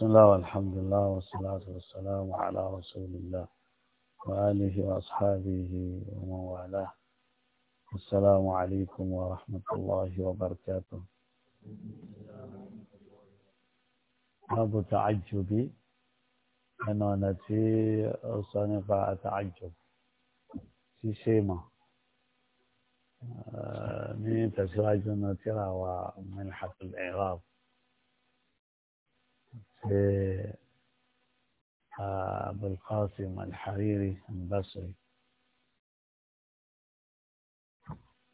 بسم الله والحمد لله والصلاة والسلام على رسول الله وآله وأصحابه ومن والاه السلام عليكم ورحمة الله وبركاته باب تعجبي أنا نتي صنفة تعجب في شيمة آه، من تسراج النتيرة ومنحة الإعراب آه، أبو القاسم الحريري البصري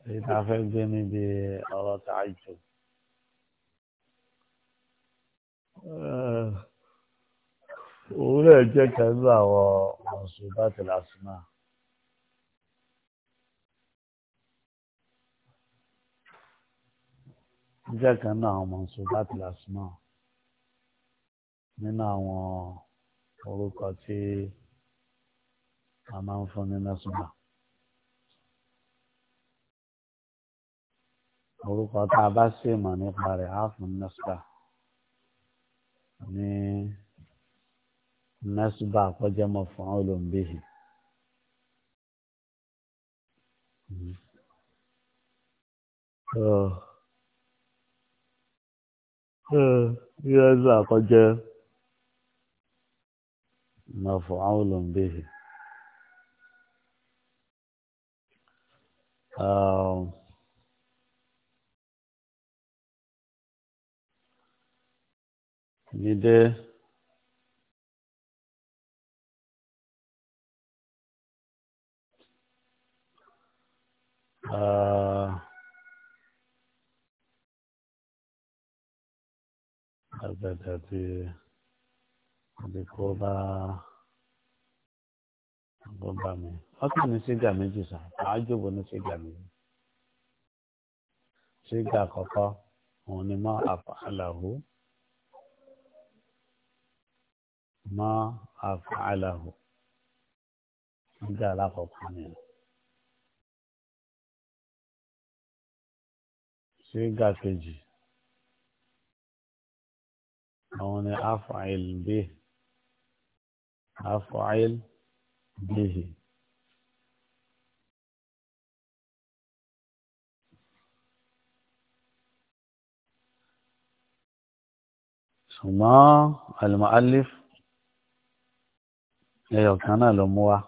يتعفق بيني بأراء تعجب آه، ولا جاك الله ومنصوبات الأسماء جاك أنه منصوبات الأسماء nínú àwọn orúkọ tí a máa ń fún ní nẹ́sùnà. orúkọ tá a bá sì mọ̀ nípa rẹ̀ á fún nẹ́sùnà ní nẹ́sùnà àkọ́jẹ́mọ̀ fún olùmbíhì. Uh, uh, yes, I مفعول به آه نده آه àbí kó bá kó bá mi ọkàn ní sígà méjì sàn àájòbó ní sígà méjì sígà àkọ́kọ́ òun ni mọ́ àfàlàhù mọ́ àfàlàhù sígà alákọ̀ọ́kọ́ nìyẹn. sígà kejì àwọn ni afọ أفعل به ثم المؤلف ẹyọ kan náà ló mú wá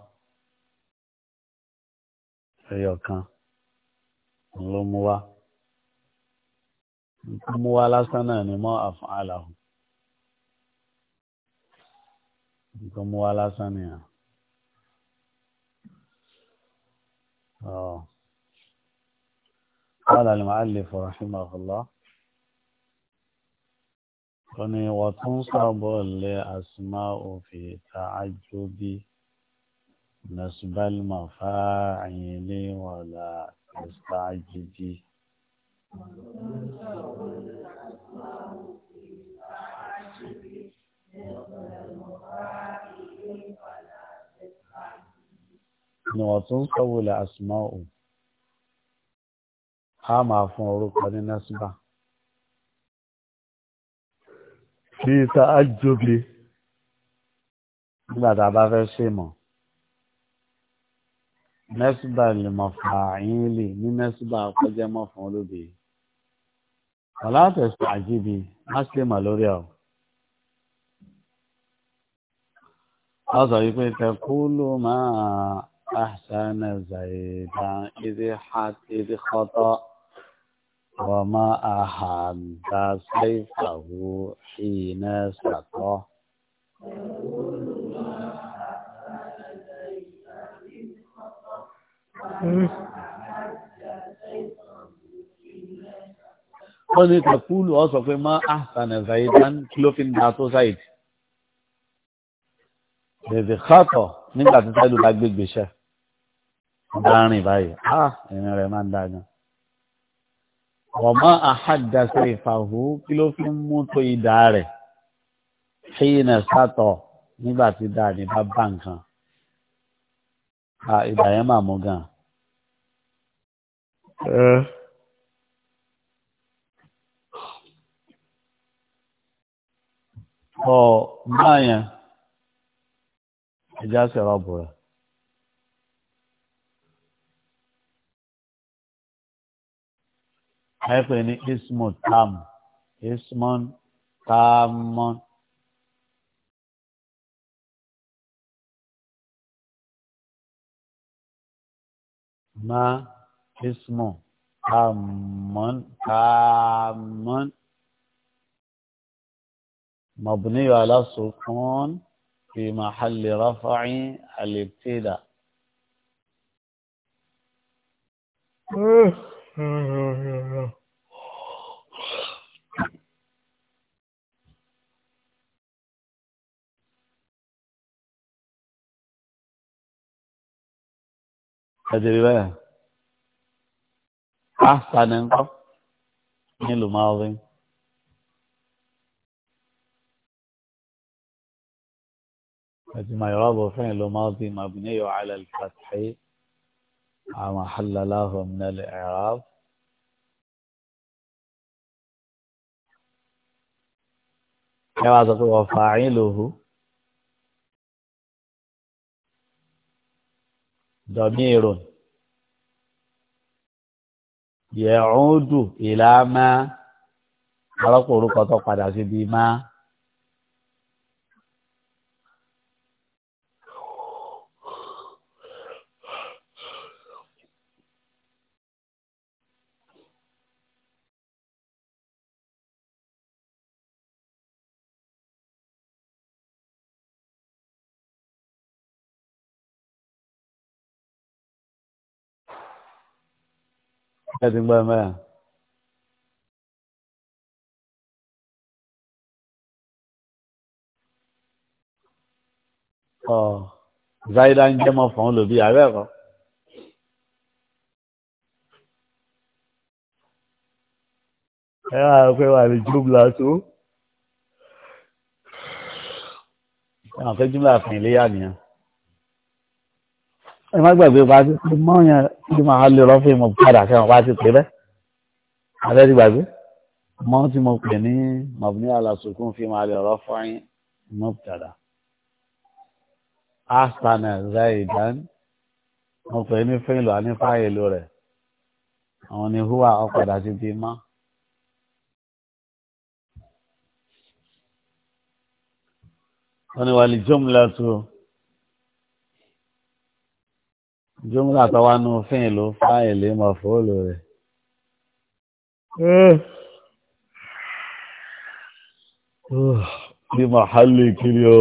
ẹyọ kan ló mú wá mú wá lásán náà ni mọ́ àfààlà hù nǹkan mú wa lásán nìyẹn. قال المؤلف رحمه الله قني وتنصب الأسماء في تعجب نسب المفاعيل ولا تستعجب وتنصب الأسماء في تعجب ni wọ́n tún sọ́wọ́lẹ̀ àsùnmọ́ ò a máa fún orúkọ ní násùbà kí ta á jóbi nígbà tá a bá fẹ́ ṣe mọ̀ nẹ́sùbà lè mọ̀ fààyín lè ní nẹ́sùbà kọjá mọ́ fún olóbi ọ̀làtẹ̀sọ̀ àjíbi má ṣe mọ̀ lórí ọ̀. اه زيد تقول ما احسن زيد إذ حد خطا وما احد سيفه حين سقى hmm. قلت تقول اصلا ما احسن زيدا كلوفين داتو زيد bèbè kátọ̀ nígbà tí táìlù bá gbégbé iṣẹ́ dárin báyìí á ah, ìrìn rẹ̀ máa ń dá gan. ọ̀mọ́ àhádàsẹ́ ìfàhù kí ló fi ń mú tó ìdá rẹ̀ ṣéyìn sátọ̀ nígbà tí dáàní bá bá nǹkan. ìdá yẹn máa mú gan. Eh. ọ̀ báyẹn ẹja sẹ̀rọ̀ bùrọ̀. ẹ̀pẹ̀ ní ismo tam ismon tamon. ma ismo tamon tamon. مبني على السكون في محل رفع الابتداء تدري احسن انقف من الماضي ما يراد فعل ماضي مبني على الفتح ما حل له من الإعراب وفاعله ضمير يعود إلى ما خلق رقة قد عزبي ما ẹ ti gbọ́ mẹ́rin. zaida ń jẹ́ mọ́ fún olùbí ààrẹ ẹ̀kọ́. ẹ wá pé wà ní jùmlá tó àwọn pé fún ilé yà nìyẹn ẹ má gbàgbé bá ti pé mọ́yàn tí màá lè rọ́fìn mo padà fẹ́ràn bá ti pé bẹ́ẹ̀ abẹ́ ti gbàgbé mọ́ tí mo pè ní mọ̀bùnú àlàsùkún fi màá lè rọ́fìn mo padà asana zaidan mo pè ní fẹ́lò ànífàyèlò rẹ̀ àwọn ni húwà ọ̀padà ti di mọ́. wọ́n ní wàlí jọ́mùlá tó jumla tó wá nù fún ìlú fáìlì mọ̀fóòlù rẹ̀. Eh. bí mọ̀hálì kiri o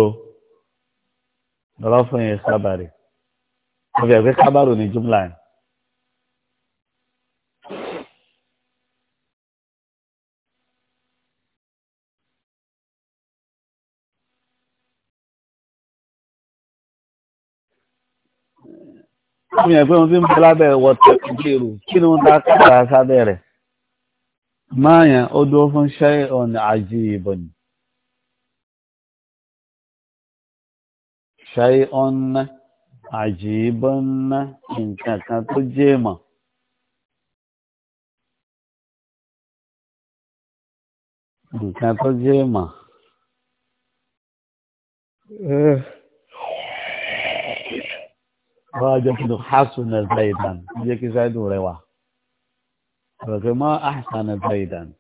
lọ́rọ́ fún yẹn kábàrì. wọ́n fi ẹ̀gbẹ́ kábàrì ní jumla yẹn. fún yẹn pé wọ́n ti ń bọ́ lábẹ́ wọ́tẹ̀ ìgbèrò kí ni wọ́n ta kára sábẹ́ rẹ̀ máa yẹn ó dúró fún ṣẹ́ ọ̀nà àjí ìbọn ṣẹ́ ọ̀nà àjí ìbọn nǹkan kan tó jẹ́ mọ̀. nǹkan tó jẹ́ mọ̀. Eh. راجل حسن زيدا يجيك زيد وروا ما أحسن زيدا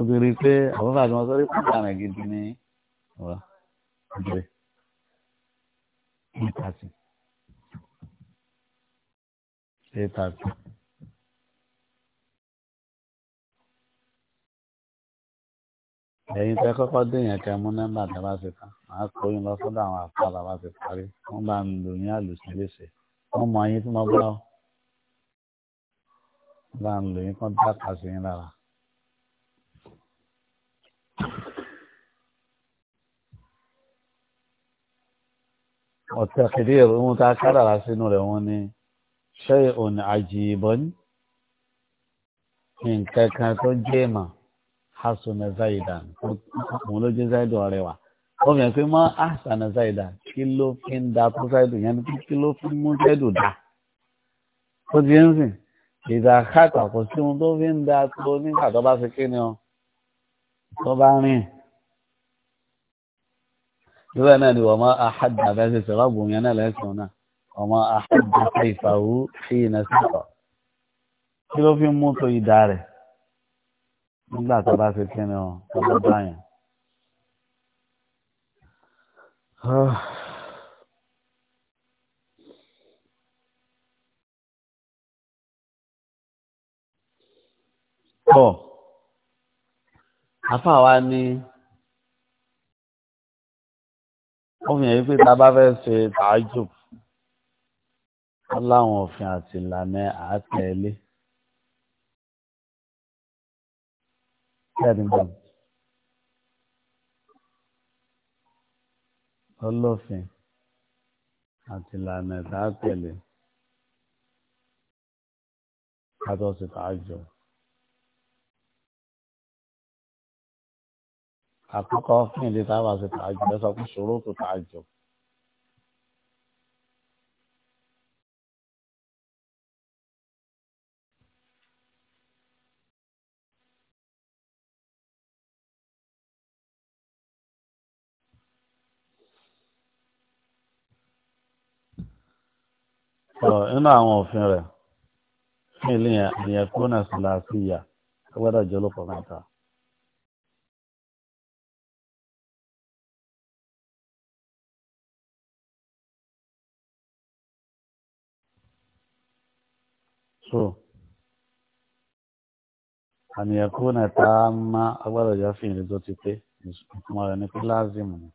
obìnrin pé àwọn fàájì wọn sọrí fún ìlànà gidi ní ọ̀rọ̀ ìbẹ̀rẹ̀ eight thirty eight thirty. ẹ̀yin tẹ́ kọ́kọ́ dé yẹn kẹ́ mú nọ́mbà tẹ́ bá ti tán màá kó yín lọ sọ́dọ̀ àwọn àfa bàbá ti parí wọ́n bá ń lò yín àlùsí léṣe wọ́n mọ ayé tí wọ́n bá wọ́n bá ń lò yín kán dáka sí yín lára. ọ̀tẹ̀ kìdí ìròyìn tá a kádàrá sínú rẹ̀ wọ́n ní ṣé òní àjìbọn ní nǹkan kan tó jẹ́ mà hasunẹ̀ zaidan òun ló jẹ́ zaidan rẹwà wọ́n fi hàn pé mọ́ àṣàna ṣáìdà kí ló fi ń da tó ṣáìdù yẹn ni kí ló fi mú ṣáìdù dá ó ti ń sìn ìdá káàkà kò sí ohun tó fi ń da tó nígbà tó bá ṣe kí ni ọ tó bá rìn ìwé náà ni wọ́n máa àhàdà bẹ́ẹ̀ ṣe ṣẹlá gbòmí ẹ̀ náà lẹ́sìn náà wọ́n máa àhàdà ìfàwù sí iná síkọ̀ kí ló fi mú tó ìdá rẹ̀ nígbà tó bá ṣe kí ni ọ tó bá bá yẹn. Ah. pọ̀ afáwa ni òfin yìí pé tá a bá fẹ́ ṣe tààjù láwọn òfin àti ìlànà àátẹ̀lé. Kẹ́ẹ̀dínlọ́dún. tó lófin àti ìlànà tá a tẹ̀lé ká tó sì fà á jọ. àkọ́kọ́ fún ìdí tá a bá sì ẹ sọ pé ṣòro tó fà nínú àwọn òfin rẹ̀ fún ilé yẹn ìyẹn kúnà sílá sí ìyá ó gbọ́dọ̀ jẹ́ olùkọ́ mẹ́ta. so àníyàn kúnà tá a máa agbọ́dọ̀ jẹ́ fìyìn tó ti pé ìtumọ̀ rẹ̀ ní pé láàzìmù ni.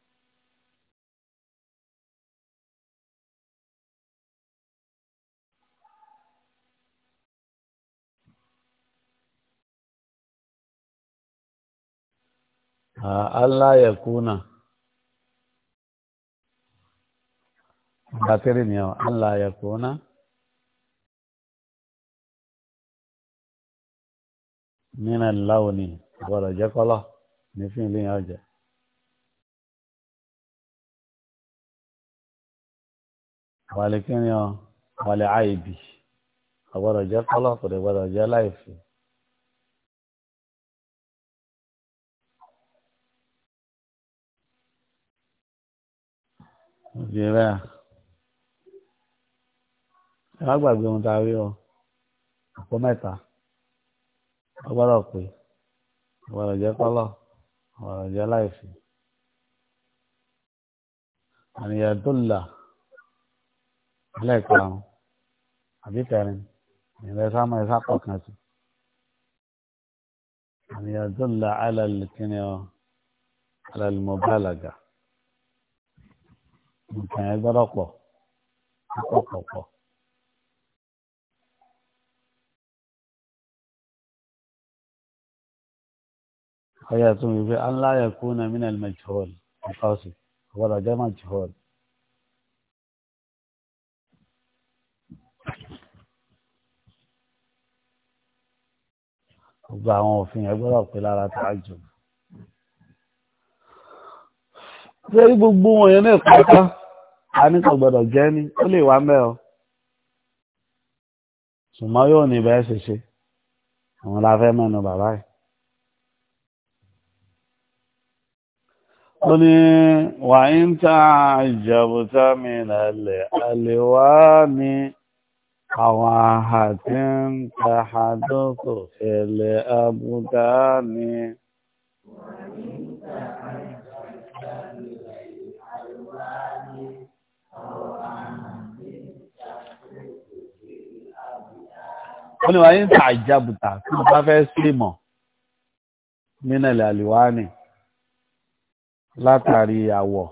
aláyẹ̀kúnà gbàtẹ́rì ni ọ aláyẹ̀kúnà nínú ìláwò ni gbọ́dọ̀ jẹ́ kọ́lọ̀ ní fún ilé yẹn ọjà. wàlẹ̀ kí ni ọ wàlẹ̀ àìbì ọ̀gbọ́dọ̀ jẹ́ kọ́lọ̀ kò ìdíra ẹ má gbàgbé ohun tá a rí ọ àpò mẹ́ta ọgbọ́dọ̀ pé ọgbọ́dọ̀ jẹ́ kọ́lọ̀ ọgbọ́dọ̀ jẹ́ láìsí àníyàn tó là lẹ́ẹ̀kan àbí kẹrin ìrẹsì àmọ́ ẹ̀sà pọ̀ kan sí àníyàn tó là alẹ́ kìnìún alẹ́ mọ̀bálàgà. Okay, that أن لا يكون من المجهول القاسي ولا جاء مجهول وضعهم في عبارة القلالة تعجب زي بمو ينقل a ní kò gbọdọ̀ jẹ́ ní ó lè wá mẹ́ ọ ṣùgbọ́n yóò ní bẹ́ẹ̀ ṣe ṣe àwọn la fẹ́ mẹ́nu bàbá yìí. ó ní wà ń ta mi lálẹ́ àlèwá ni àwọn àhà tí ń ta àdókò ẹ̀lẹ́ àbúdá ni. wọ́n ní wàá yín ta ìjábùtà tí wọ́n bá fẹ́ sílìmọ̀ nínàlẹ̀ àlìwáánì látàrí àwọ̀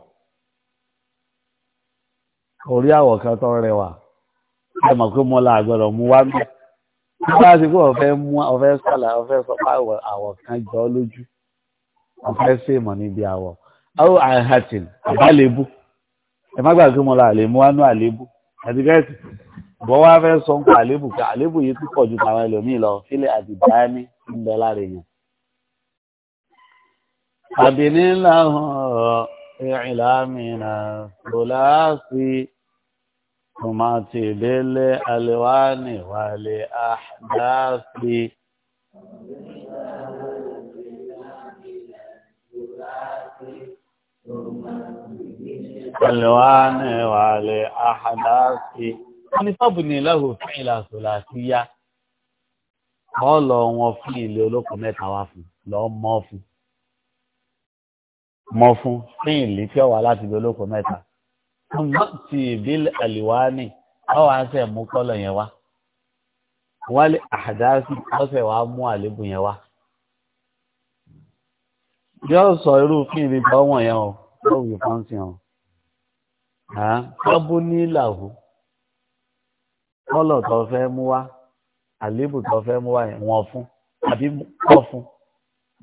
orí àwọ̀ kan tó rẹwà ẹ mọ̀ pé mo la àgbọ̀dọ̀ mú wá mẹ́ tí wọ́n bá ti kó ọ̀fẹ́ mú ọ̀fẹ́ sọ̀lá ọ̀fẹ́ sọ̀pá àwọ̀ kan jọ lójú ọ̀fẹ́ sílìmọ̀ níbi àwọ̀ àwọn àhàtìn àbálẹ́bù ẹ má gbàgbé mo la àlè mú wá nú àlébù bọ́ wá fẹ́ sọ ń pa àlébù pé àlébù yìí ti pọ̀ ju tàwọn ẹlòmíì lọ sílẹ̀ àti dání ń bẹ lára èèyàn. àbíní làwọn ìrìnlámìnà kòláàsì tòmátì délé àlewánì wálé àdáàsì. الوان وعلى أحداثي wọ́n ní fábùnì lọ́hùn fún ìlàsọ̀là sí yá kọ́ lọ wọn fún ilé olóko mẹ́ta wá fún lọ mọ́ fún mọ́ fún fún ìlú tí ó wà láti ibi olóko mẹ́ta wọ́n ti ìbílẹ̀ àlìwáánì ọwọ́ àṣẹ mú kọ́lọ̀ yẹn wá wọ́n lé àdáṣí ọ̀sẹ̀ wàá mú àlébù yẹn wá yóò sọ irú fún ìbí bọ́wọ̀n yẹn o yóò wí fọ́ńsì hàn án fábùnì làwù kọ́lọ̀ tó fẹ́ mú wá àlébù tó fẹ́ mú wá yẹn wọ́n fún àbí kọ́ fún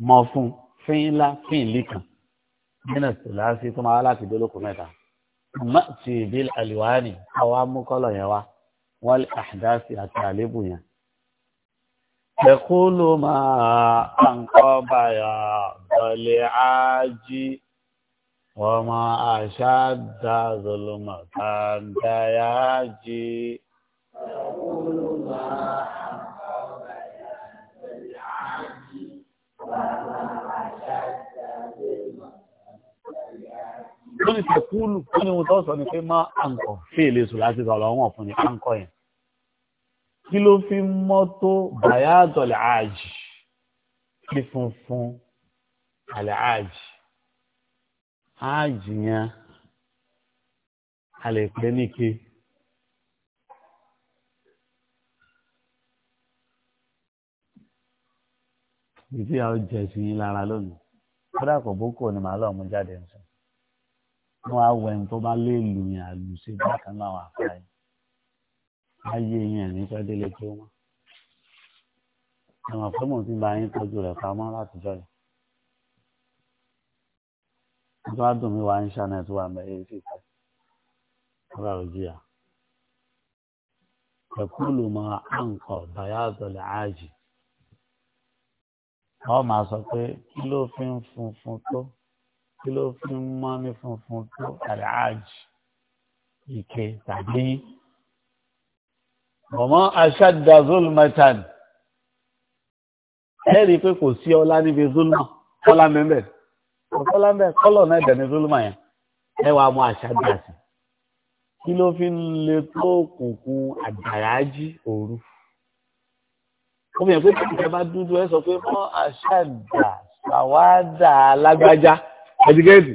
mọ́ fún fínlá fínlì kan nínú ìtòlásí tó máa wá láti dólókùn mẹ́ta má ti ìbí àlùwárì àwa mú kọ́lọ̀ yẹn wá wọ́n lè àdásí àti àlébù yẹn. Ẹ̀kúlù máa ń kọ́ bàyà dọ̀lẹ̀ ájí wọ́n máa àṣà dá zọlọ́mọ̀ tá ń dá lórí tẹ̀kúlù tó ní ohun tó sọ ni pé má àǹkọ̀ sí ìlésù láti sọ̀rọ̀ wọn fún ni àǹkọ̀ yẹn kí ló fi mọ́tò bàyáàtọ̀lẹ̀ ààjì kí funfun àlẹ̀ ààjì ààjì yẹn a lè pè ìdí àwọn jẹ̀sí yín lára lónìí kódà kò bókò ni màá lọ́ọ́ mú jáde ń sọ wọn á wẹ̀ tó bá lé lù yín àlùsí bákan náà wà fà yín ayé yín ẹ̀ ní sọ́délé tó wọn ẹ̀wọ̀n fún mò ń ti ba yín tọ́jú rẹ̀ pamọ́ látijọ́ yìí tó a dùn mí wá ń ṣàná tó wà mẹ́rin sí ìfẹ́ ọ̀rọ̀ òjìyà ẹ̀kú ló máa ń kọ̀ bàyá àtọ̀lẹ̀ áàjì wọ́n máa sọ pé kí ló fi ń funfun tó kí ló fi ń mọ́ ní funfun tó àdáàjì ike tàbí bọ̀mọ́ aṣáda zulmatan ẹ rí i pé kò sí ọlá níbi zulma kọ́lá mẹ́mbẹ́ kọ́lá mẹ́mbẹ́ kọ́lọ̀ náà dẹ̀ ní zulma yẹn ẹ wàá mú aṣáda sí kí ló fi ń le tó òkùnkùn àdáàjì òru ó yẹ pé kìkìkì bá dúdú ẹ sọ pé mọ àṣàdà ṣàwádà alágbájá ẹdígẹ́dì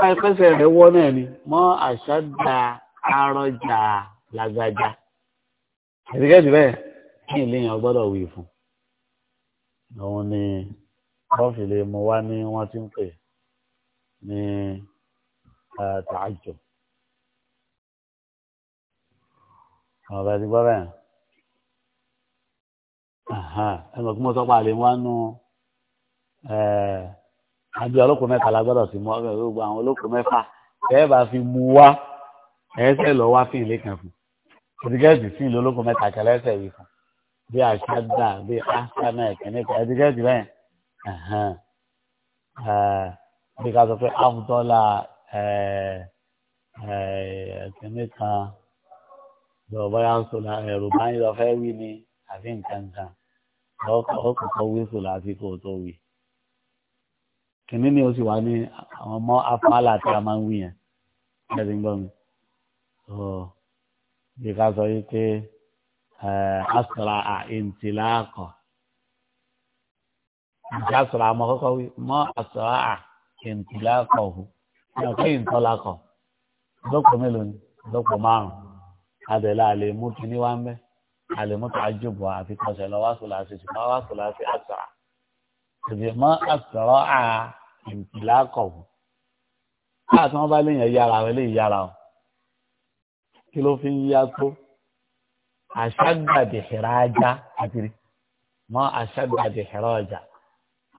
báyìí pẹ́sẹ̀ rẹ̀ wọ́ náà ni mọ àṣàdà arọjà lágbájá ẹdígẹ́dì bẹ́ẹ̀ kí ìléyìn gbọ́dọ̀ wí fún òun ni kọ́fì lè mú wá ní wọ́n ti ń pè ní tààjọ. ọ̀bẹ ti gbọ́ bẹ́ẹ̀ ẹ mọ̀ kí mo sọ pé àlè wọn nù àbí olóko mẹ́ta la gbọ́dọ̀ sí mú ọgbẹ́ gbogbo àwọn olóko mẹ́fà ẹ bá fi mu wá ẹsẹ̀ lọ wá fún ilé kan fún ẹdígẹ́tì sí ìlú olóko mẹ́ta kẹlẹ́ ẹsẹ̀ yìí fún bí àṣàdá bí àṣàmẹ́ ẹ̀kẹ́ni kan ẹdígẹ́tì bẹ́ẹ̀ bí ká sọ pé àbùtọ́lá ẹ̀kẹ́ni kan lọ́ọ́ báyà sọ̀rọ̀ ẹ̀rù báyìí lọ́ọ́ fẹ́ wí ni àfi nǹkan kan ọkọ̀ọ̀kọ̀ wíṣù lásìkò tó wí kìnní ni ó sì wá ní àwọn ọmọ afọ́nlá tí a máa ń wí yẹn ẹ̀rí ń gbọ́ mi bí ká sọ yìí pé asọ̀rọ̀ àìntìláàkọ̀ ìjà asọ̀rọ̀ àmọ́ kọ́kọ́ wí mọ́ asọ̀rọ̀ àìntìláàkọ̀ hù yàn kí n tọ́lá kọ̀ ìdọ́pọ̀ mélòó ni ìdọ́pọ̀ márùn-ún adẹ̀lá àlè mú kínní wá ń bẹ́ẹ̀ àlèmọ́tò àjùbọ̀ àti kọ̀ọ̀ṣẹ̀ lọ wá sùn láti ṣùgbọ́n wá sùn láti àṣà ìdè mọ́ àṣọ à ìlà kọ̀ọ̀bù káà tí wọ́n bá léèyàn yára rẹ̀ lè yára o kí ló fi ń yá tó àṣàgbàdì ìhẹ̀rẹ̀ ajá àkiri mọ́ àṣàgbàdì ìhẹ̀rẹ̀ ọjà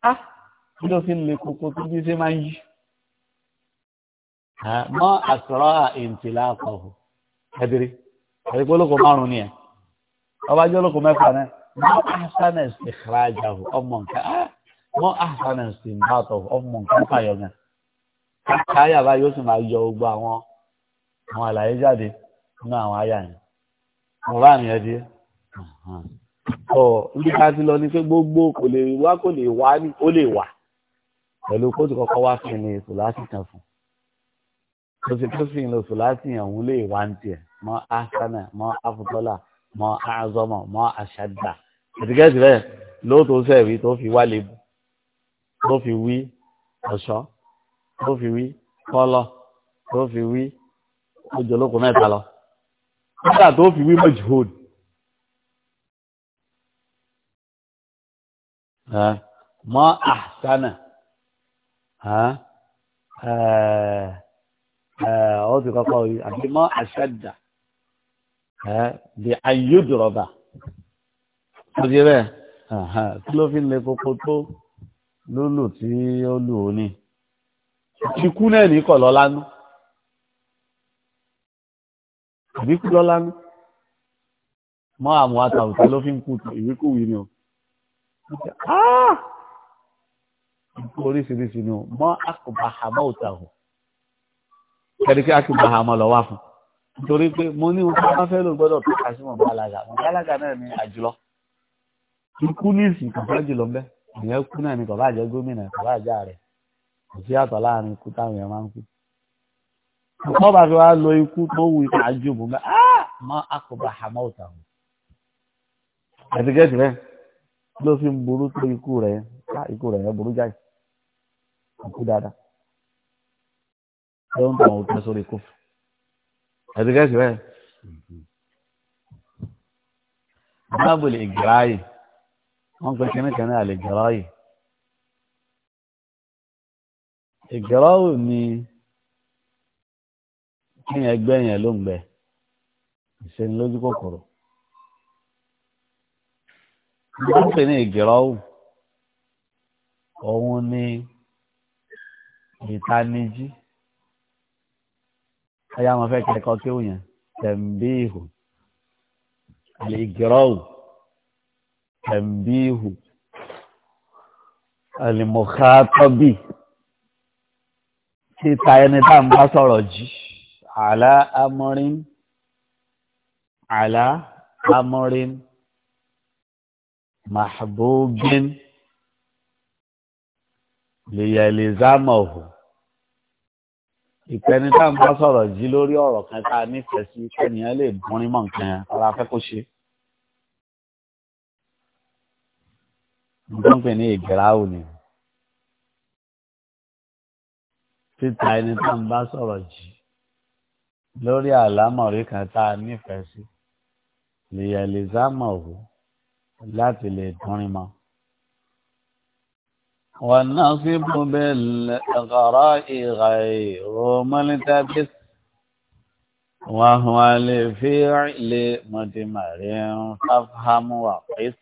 á kí ló fi ń le koko tó bí ṣe máa ń yí mọ́ àṣọ à ìlà kọ̀ọ̀bù àkiri àdìpọ́lọ́kọ̀ márùn-ún ni ẹ̀ ọba jọlọkọ mẹ́fà náà mọ ahasanes ìkìlájàwò ọmọ nǹkan mọ ahasanes ìbátọ ọmọ nǹkan fàyọ gan káyà báyìí ó sì máa yọ gbogbo àwọn àwọn àlàyé jáde nínú àwọn àyà yẹn mo bá mi ẹdí ọ ibi ká ti lọ ni pé gbogbo kò lè wá kò lè wá ní ó lè wà pẹ̀lú kóòtù kọ́kọ́ wá fún mi ètò láti fún kó tó sì ń lo sùláàtì yẹn òun lè wá ní tiẹ̀ mọ ahasana mọ afutọ́là mọ azọmọ mọ aṣadà ẹtìkẹtì rẹ lóòótọ́ sẹẹrí tó fi wá lebu tó fi wí ọ̀ṣọ́ tó fi wí kọlọ tó fi wí ojúlókun mẹ́ta lọ nígbà tó fi wí mọjúhòd mọ àṣánà ọ ti kọ́kọ́ wí àbí mọ bí ayédèrọba ọdí rẹ kí ló fi ń le koko tó lólù tí ó lù ó ní kíkú náà ní kọ̀ lọ́lánú àbí kú lọ́lánú mọ́ àmọ́ àtàwùtà ló fi ń kú tó ìwíkúwì ni o ikú oríṣiríṣi ni o mọ́ àkùbà àmọ́ òtàwù kẹ́ríkẹ́ àkùbà àmọ́ lọ́wọ́ fún nítorí pé mo ní ohun tó bá fẹ́ lò gbọ́dọ̀ tó kà sí mọ̀ bálága mọ̀ bálága náà ni àjùlọ ikú ní ìsìn kàfá jùlọ ń ìyẹn kú náà ni kò bá jẹ́ gómìnà kò bá jẹ́ ààrẹ kò sí àtọ̀ láàrin ikú táwọn èèyàn máa ń kú ọ̀pọ̀ bá fi wá lo ikú tó wù ikú àjò bùn bẹ́ẹ̀ áá má àkọ́bà àmọ́ òtà wọn. ẹ̀dẹ́gẹ́dì rẹ̀ ló fi ń burú tó ikú rẹ̀ ká ah, ikú rẹ̀ yẹn burú jáì ikú dáadáa. ẹ ń tàn òkè sórí kófù ẹ̀dẹ́gẹ́sì bẹ́ẹ̀. báàbò lè gbèrà yìí wọ́n pe kíní kan náà lè gbèrà yìí. ìgbèrà ò ní kí ẹgbẹ́ yẹn ló ń gbẹ ìṣẹ́nilójú kòkòrò. wọ́n pe ní ìgbèrà ò òun ní ìtanijí ẹ̀yà wọn fẹ́ kẹ́kọ̀ọ́ kí wọ́n yẹn tẹ̀m̀bíhù àlìgírọ́wù tẹ̀m̀bíhù àlìmọ̀kátọ́bì títa ẹni tá à ń bá sọ̀rọ̀ jì àlá amọ́rin àlá amọ́rin mahbubin lèyẹ̀lẹ̀ zámọ̀hù ìpẹni tá à ń bá sọ̀rọ̀ jí lórí ọ̀rọ̀ kan tá a nífẹ̀ẹ́ sí kẹ́nìyàn lè bọ́nrín mọ́ nǹkan yẹn ara fẹ́ kó ṣe. nǹkan pè ní ìgbéráwò ni títa ẹni tá à ń bá sọ̀rọ̀ jí lórí àlámọ̀rí kan tá a nífẹ̀ẹ́ sí lèyẹ̀lẹ̀ sámọ̀ wò láti lè bọ́nrín mọ́. والنصب بالغراء غير ملتبس وهو لفعل مدمر فافهم وقس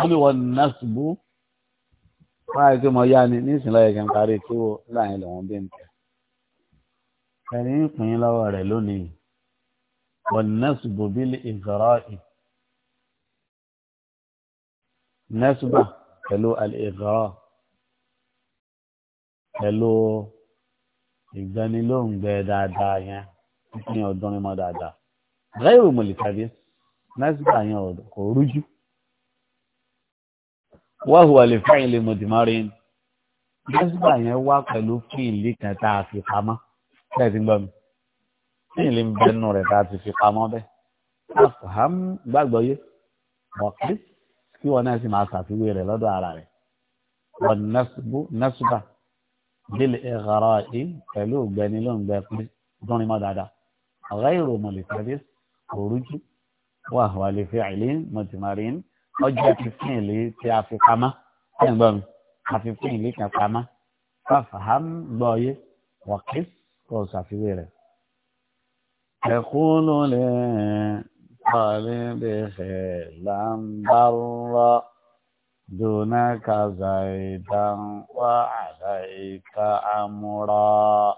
wọ́n ní wọ́n nọ́ọ̀sì bú wọ́n á yẹ kí mo yá ni nísìnyí lọ́yẹ̀ kí n parí kí wọ́n láàyè lòun bí n tẹ̀ ẹni ń pín in lọ́wọ́ rẹ̀ lónìí wọ́n nẹ́sùbù bíi ìgbọ̀rọ̀ ì nẹ́sùbà pẹ̀lú àlìgbọ̀rọ̀ pẹ̀lú ìgbanilóhùngbẹ dáadáa yẹn ní ọdún mímọ́ dáadáa gẹ́rù mọ̀lìkàbí nẹ́sùbà yẹn kò rújú wọ́n hùwà lè fẹ́ ìlè mọ̀dìmọ́rin nẹ́sùbà yẹn wá pẹ̀lú fún ìlú kan pamọ́ bẹ́ẹ̀ ti gbọ́ mi tí ìlú ń bẹ nù rẹ̀ tá a ti fi pamọ́ bẹ́ẹ̀ afaham gbàgbọ́ yé mọ̀kí kí wọn náà sì máa ṣàfiwé rẹ̀ lọ́dọ̀ ara rẹ̀ wọn nẹ́sùbù nẹ́sùbà bílẹ̀ ẹ̀rọ ẹ̀ pẹ̀lú ògbẹ́ni ló ń gbẹ pé dúnrin mọ́ dáadáa ọ̀rẹ́ ìrò mọ̀lẹ́kàdé òrújú wà wà lè fi àìlé mọ̀tìmọ̀rin ọjọ́ ti fún ìlú tí a fi pamọ́ ẹ̀ ń gbọ́ mi ìlú kan pamọ́ afaham gbọ́ yé mọ̀kí kó o ṣàfiwé rẹ̀. ẹ̀kúnú lè parí bẹ́ẹ̀ lámbàrúrọ̀ dùnà kàzà ìdán wà àdá ìka àmúrọ̀.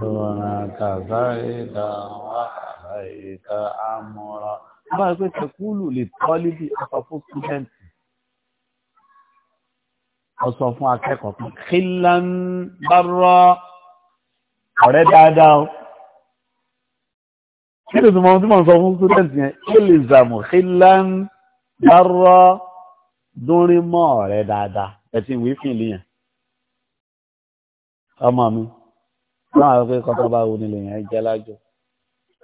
dùnà kàzà ìdán wà àdá ìka àmúrọ̀. báyìí pé tẹkúlù lè tọ́lé bí afọ́fọ́ sídẹ́ǹtì ọsọ fún akẹ́kọ̀ọ́ kan kílán bárọ́ ọ̀rẹ́ dáadáa o kí ló tún mọ tí mò ń sọ fún student yẹn elizamu kílán bárọ́ dúnrímọ̀ ọ̀rẹ́ dáadáa ẹ̀sìn ìwé fìlì yẹn ọmọ mi náà àwọn pé kọ́tọ́ bá wo nílé yẹn jẹ́ lájọ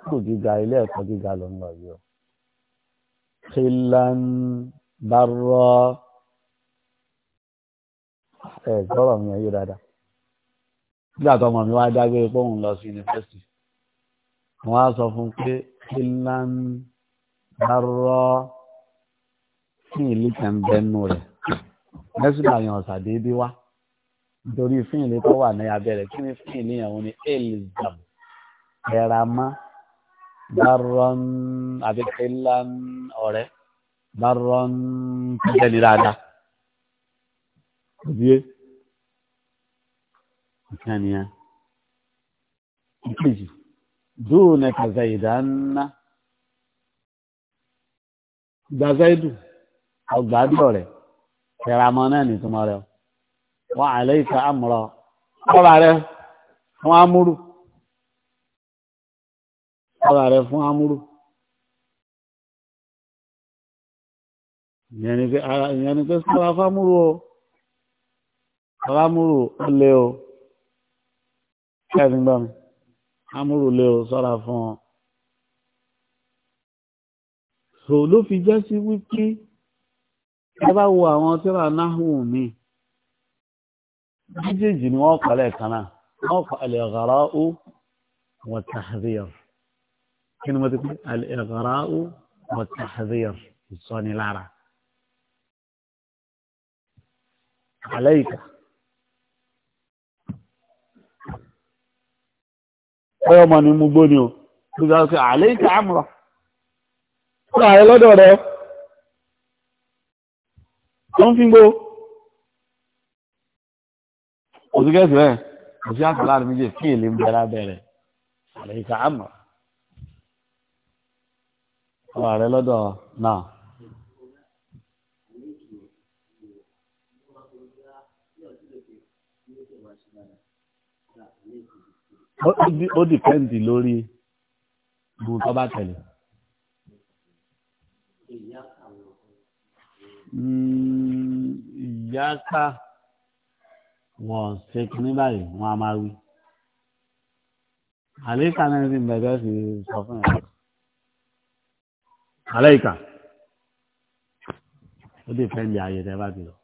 kò gíga ilé ẹ̀kọ́ gíga ló ń lọ yìí kílán bárọ́ ẹ gbọ́rọ̀ mi yẹ dáadáa nígbà tó ọmọ mi wá dágbére pé òun lọ sí yunifásitì wọ́n á sọ fún pé kílan dárọ́ fún ìlú kan bẹ́nu rẹ̀ mẹ́sìlá yẹn ọ̀sà déédéé wá nítorí fún ìlú tó wà ní abẹ́rẹ́ kí ni fún ìlú yẹn òun ni elizam ẹ̀ràmá dárọ́ àbí kílan ọ̀rẹ́ dárọ́ tó jẹ́ ní dáadáa. ìkan nìyẹn ìkejì dùn ní kàzá ìdáná gbàzá ìdù ọgbàdùn rẹ ìramọ náà nìtumọ̀ rẹ wọn àlẹ ìka àmúrọ ọba rẹ fún amúrú kẹ́rin gbọ́ mi amúrò lè o sọ́ra fún ọ. so ló fi jẹ́ sí wípé ẹ bá wo àwọn tíra náhù mi méjèèjì ni wọ́n kọ́ lẹ́ẹ̀kan náà wọ́n kọ́ al-ighra'u wa tahdhir kí ni mo ti pè al-ighra'u wa tahdhir ìsọnilára. عليك ọyọ́ ọmọ ni mú gbó ni o gbogbo àwọn ọ̀sẹ̀ àlẹ́ ìta àmúra fún ààrẹ lọ́dọ̀ rẹ̀ tó ń fi gbó òtún kẹsì rẹ̀ kò sí àtúlá àti méjì fún èlé ń bẹ lábẹ́rẹ̀ àlẹ́ àmúra fún ààrẹ lọ́dọ̀ náà ó dìpẹ́ǹdì lórí gbogbo tó bá tẹ̀lé. Hmm, ìyáka wọn ṣe kínní báyìí wọn a máa wí. àlékà náà ní bẹ̀rẹ̀ fi sọ fún ẹ̀. àlékà ó dìpẹ́ǹdì ayé tẹ́ bá ti lọ.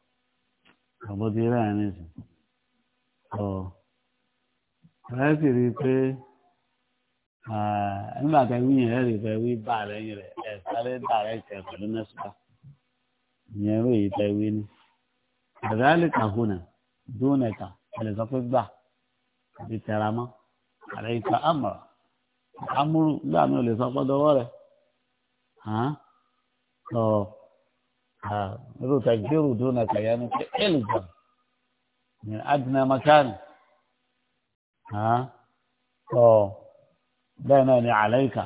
àbótí rẹ̀ ní sùn ẹ sì rí i pé nígbà tá wí yẹn ẹ rí i pé wí bá lẹ́yìn rẹ̀ ẹ sáré dà rẹ̀ kẹ̀ pẹ̀lú nẹ́sùpá ìyẹn wí yìí tẹ́ wí ni ẹ̀rẹ́ lè kàkó nà dúró nà ẹ̀ka ẹ lè sọ pé gbà àti tẹ̀ra mọ́ àrẹ ìka àmọ̀ràn amúrú gbà mí ò lè sọ pọ́dọ́wọ́ rẹ̀ hàn ọ́ ọ́ ọ́ dúró nà ẹ̀ka yẹn ni pé ẹ̀ lè gbà ní adìnnà makáàni ọ bẹ́ẹ̀ náà ni àlẹ́yìká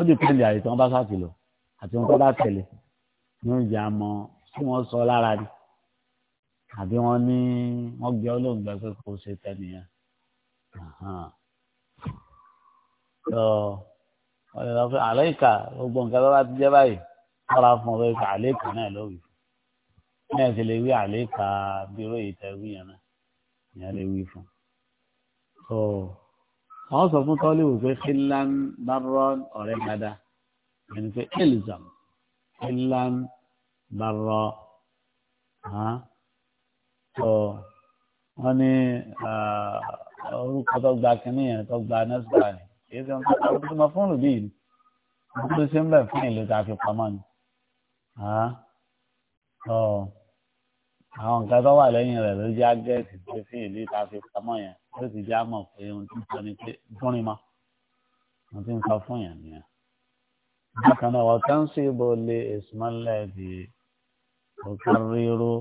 ó di pẹ́ẹ́lì àyè tí wọ́n bá sàkìlọ̀ àti wọn tó bá tẹ̀lé ní oúnjẹ àmọ́ tí wọ́n sọ lára ni àbí wọ́n ní wọ́n gbé ọlọ́ọ̀gbẹ́ pé kò ṣe tẹ̀nìyàn tó wọ́n lè lọ fún àlẹ́yìká gbogbo nǹkan tó bá ti jẹ́ báyìí wọ́n ra fún ọ̀rọ̀ ìka náà lórí náà sì lè wí àlẹ́yìká bí irú èyí tẹ̀ wí yẹn náà ìyẹn lè wí fún so àwọn sọ fún tọ́líwù pé finland barron ọ̀rẹ́ dada ẹni pé elzam finland barron so wọ́n ní orúkọ tó gba kínní yẹn tó gba nẹ́sìlá ni kì í ṣe ohun tó kọ́ ọmọ fóònù bíi ni wọ́n tó ṣe ń bẹ̀ fún ìlú tá a fi pamọ́ ni àwọn nǹkan tó wà lẹ́yìn rẹ̀ ló jẹ́ ágẹ́ẹ̀tì pé sí ìlú ìta fi pamọ́ yẹn ló ti já mọ̀ pé ohun tí ń sọ ni pé dúnrin mọ́ ohun tí ń sọ fún yẹn nìyẹn. bákan náà wọ́n kàn sí ibo lè ìsúmọ́lẹ̀ di òkèríró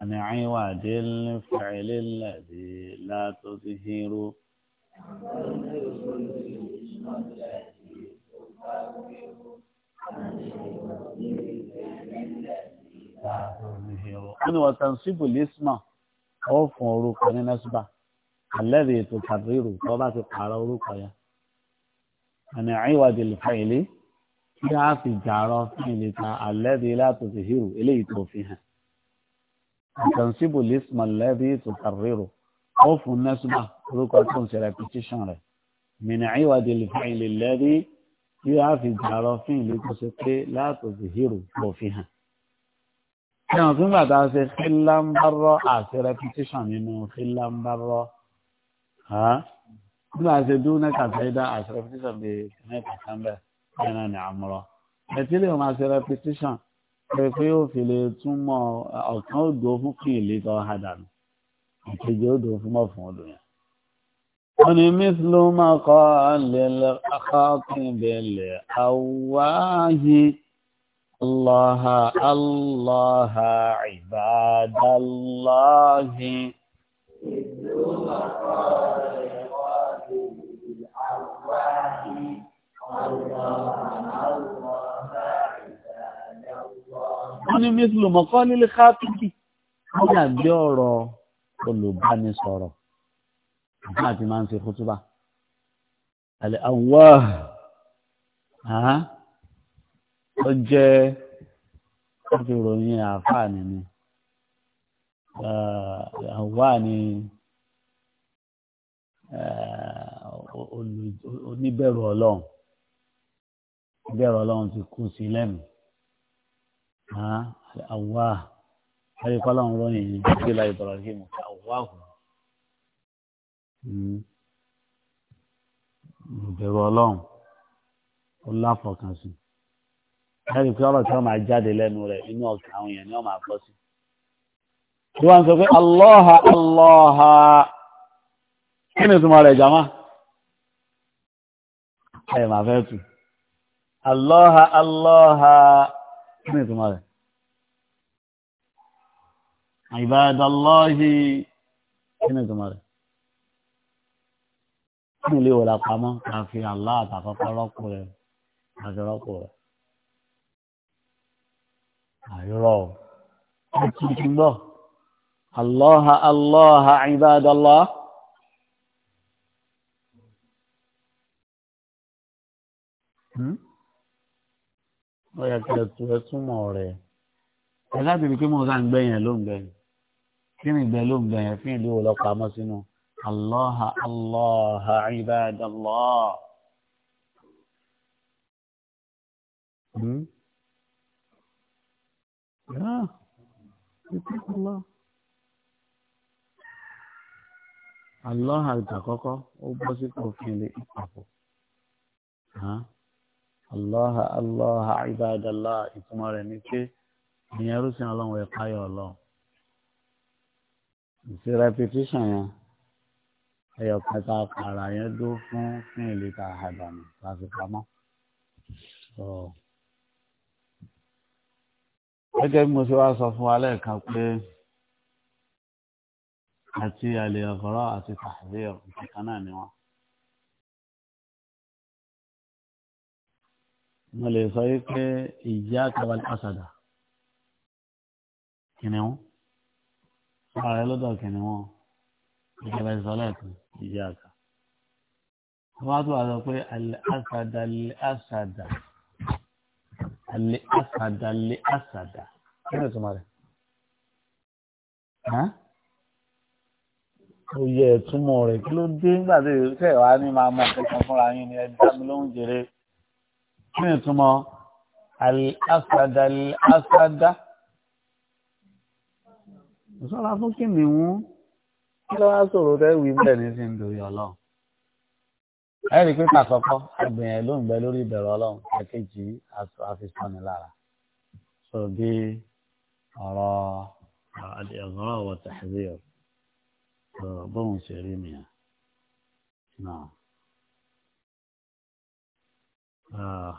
àní àyíwá délé fẹ̀lélẹ̀ di látó ti híró. Thank you wọ́n ni wọ́n síbò lẹ́sìmà ó fún orúkọ ní nẹ́sìbà alẹ́rì ètò kàbírù tó bá ti pààrọ̀ orúkọ yẹn àmì àìwádìí lùfàìlì kí a fi jàrọ fún ìlẹta alẹ́rì látò fi hírù eléyìí tó fi hàn àtànsíbò lẹ́sìmà alẹ́rì ètò kàbírù ó fún nẹ́sìbà orúkọ tó ń ṣe repetition rẹ̀ mìnà àìwádìí lùfàìlì lẹ́rì kí a fi jàrọ fún ìlẹta tó ṣe pé látò fi hírù tó fi hàn náà fún gbàtà ṣe fílámbárọ́ àti repetition nínú fílámbárọ́ nígbà ṣe dúnà kàtàídà àti repetition bí mẹ́ta kánbẹ̀ ẹ̀nà ní àmúrọ̀ ẹ̀tí lè máa ṣe repetition pé pé ó fi lè túmọ̀ ọ̀kan ó dò fún kí ìlé tó ha dànù ìkejì ó dò fún mọ̀ fún odò yẹn. wọ́n ní mísìlùmọ́ kọ́ lè lọ́kọ́ kí n bẹ̀rẹ̀ الله الله عباد الله wọ́n ní mísìlù mọ́kọ́ nílé káàkiri wọ́n dàbí ọ̀rọ̀ olùbánisọ̀rọ̀ àti máa ń ṣe kútúbà. àlẹ́ àwọn ó jẹ́ wọ́n fi ròyìn àfáàní ni àwa ni oníbẹ̀rù ọlọ́run ìbẹ̀rù ọlọ́run ti kú sí lẹ́nu àwa àyíkọ́ ọlọ́run ròyìn yìí kí láì bọ̀rọ̀ àwa hù hmm. ìbẹ̀rù ọlọ́run ó láfọkànsìn lẹ́yìn pé ọ̀rọ̀ tí wọ́n máa jáde lẹ́nu rẹ̀ inú ọ̀gá àwọn èèyàn ni wọ́n máa bọ́ sí. tí wọ́n ń sọ pé Allah Allah kí ni ìtumọ̀ rẹ̀ jàmá? ẹ máa fẹ́ tù Allah Allah kí ni ìtumọ̀ rẹ̀? Ibadallahi kí ni ìtumọ̀ rẹ̀? kí ni ilé ìwòlá pamọ́ àfi Allah àtàkọ́kọ́ rọ́pò rẹ̀ àti rọ́pò rẹ̀? àìrọ̀ ẹ̀kí ti gbọ́ Allaha Allaha ibadallah hmm? ó yẹ kí ẹ tu ẹ túmọ̀ rẹ̀ ẹ láti rí i pé mo sá ń gbẹ̀yìn ló ń gbẹ̀yìn kí ni ìgbẹ́ ló ń gbẹ̀yìn fún ìlú ọlọ́pàá sínú Allaha Allaha ibadallah. Hmm? Allah. Allah الله الله àgbàkọ́kọ́ ó bọ́ sí kòfin lè ìpapò الله Allah. عباد الله ìtumọ̀ rẹ̀ ni pé ìyẹn rú sí ọlọ́run ìpayọ̀ ọlọ́run ìṣe repetition yẹn ẹyọ kẹta pààrà yẹn dó fún fún ìlú tàhádà ní tàfipamọ́ gẹ́gẹ́ bí mo ṣe wá sọ fún wa lẹ́ẹ̀kan pé àti àlè ọ̀gọ́rọ̀ àti tàbí ọ̀kan náà ni wọ́n. mo lè sọ yìí pé ìyá kabal asada kìnìún ààrẹ lọ́dọ̀ kìnìún ìjọba ìsọ̀lẹ̀ kan ìyá kan. wọ́n á tún wá sọ pé àlè asada àlè asada àlè asada àlè asada kí ni ìtumọ̀ rẹ̀ ó yẹ ìtumọ̀ rẹ̀ kí ló dé nígbà tó yẹ kẹ́ wàá ní máa mọ kankan fúnra yín ni ẹni dámi ló ń jèrè kí ni ìtumọ̀ al-asada al-asada ìṣọ́ra fún kìnìún kí ló wá sọ̀rọ̀ tẹ́ wí bẹ́ẹ̀ ní sí ń dorí ọlọ́run ẹ rí i pé pàkọ́kọ́ ló ń bẹ lórí ìbẹ̀rù ọlọ́run ẹ̀kejì àfisọ́ni lára sọ bíi. أرى الإغراء والتحذير ضمن سيريميا نعم آه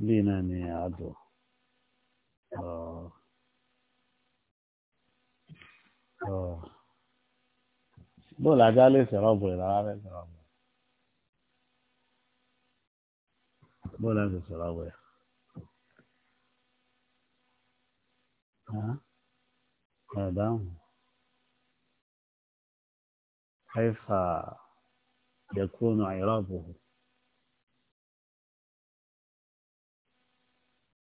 لينا نعدو آه آه دول عجالي سرابو إلى عالي سرابو دول عجالي سرابو ها هذا آه، كيف يكون عرابه